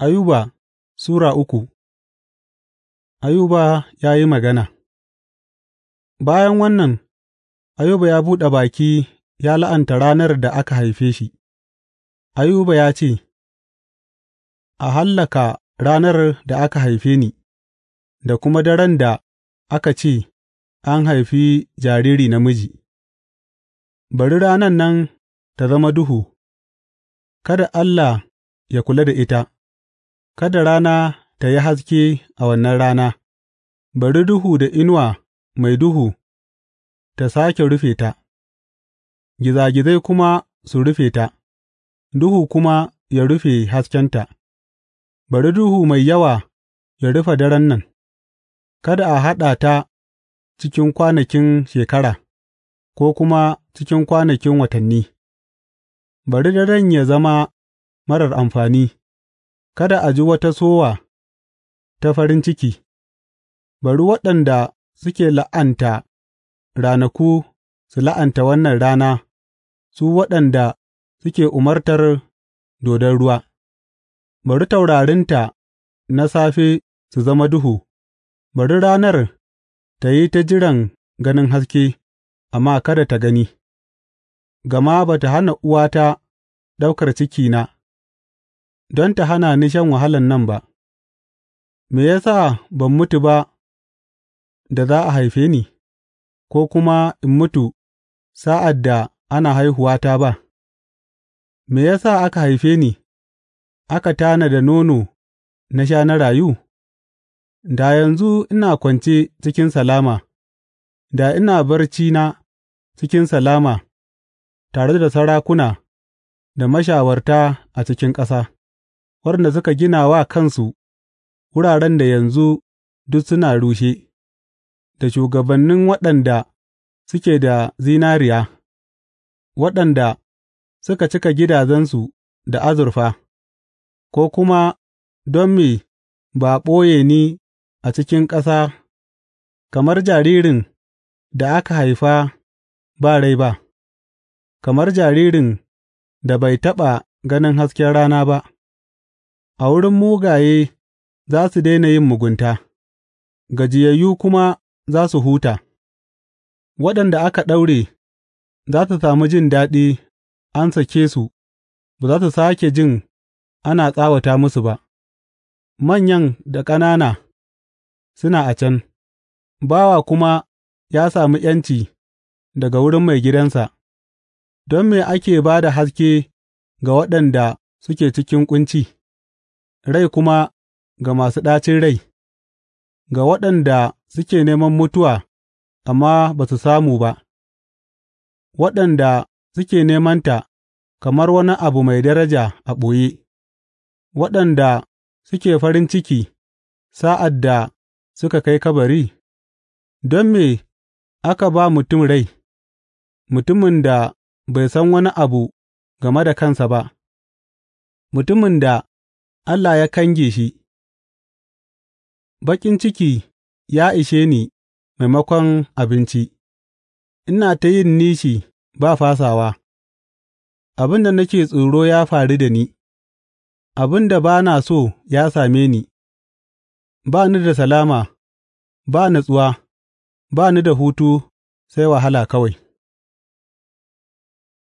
Ayuba Sura uku Ayuba ya yi magana Bayan wannan, Ayuba ya buɗe baki ya la'anta ranar da aka haife shi, Ayuba ya ce, A hallaka ranar da aka haife ni, da kuma daren da aka ce, An haifi jariri namiji, bari ranan nan ta zama duhu, kada Allah ya kula da ita. Kada rana ta yi haske a wannan rana; bari duhu da inuwa mai duhu ta sake rufe ta, gizagizai kuma su rufe ta, duhu kuma ya rufe haskenta; bari duhu mai yawa ya rufe daren nan, kada a haɗa ta cikin kwanakin shekara ko kuma cikin kwanakin watanni; bari daren ya zama marar amfani. Kada a ji wata sowa ta farin ciki; bari waɗanda suke la'anta ranaku su la'anta wannan rana, su waɗanda suke umartar dodon ruwa; bari taurarinta na safe su zama duhu, bari ranar ta yi ta jiran ganin haske, amma kada ta gani, gama ba ta hana uwata ɗaukar cikina. don ta hana ni shan wahalan nan ba, me ya sa ban mutu ba da za a haife ni, ko kuma in mutu sa'ad da ana haihuwa ta ba, me ya sa aka haife ni, aka tana da nono na sha na rayu? Da yanzu ina kwance cikin salama, da ina barci na cikin salama tare da sarakuna da mashawarta a cikin ƙasa. waɗanda suka gina wa kansu wuraren da yanzu duk suna rushe, da shugabannin waɗanda suke da zinariya, waɗanda suka cika gidajensu da azurfa, ko kuma don me ba a ɓoye ni a cikin ƙasa kamar jaririn da aka haifa ba rai ba, kamar jaririn da bai taɓa ganin hasken rana ba. A wurin mugaye za su daina yin mugunta, gajiyayyu kuma za su huta; waɗanda aka ɗaure za su sami jin daɗi an sake su ba za su sake jin ana tsawata musu ba; manyan da ƙanana suna a can, bawa kuma ya sami ’yanci daga wurin mai gidansa. don me ake ba da haske ga waɗanda suke cikin ƙunci? rai kuma ga masu ɗacin rai, ga waɗanda suke neman mutuwa amma ba su samu ba, waɗanda suke nemanta kamar wani abu mai daraja a ɓoye, waɗanda suke farin ciki sa'ad da suka kai kabari, don me aka ba mutum rai, mutumin da bai san wani abu game da kansa ba, mutumin da Allah ya kange shi Baƙin ciki ya ishe ni maimakon abinci, ina ta yin nishi ba fasawa, abin da nake tsoro ya faru da ni, abin da ba na so ya same ni, ba ni da salama, ba natsuwa, ba ni da hutu sai wahala kawai.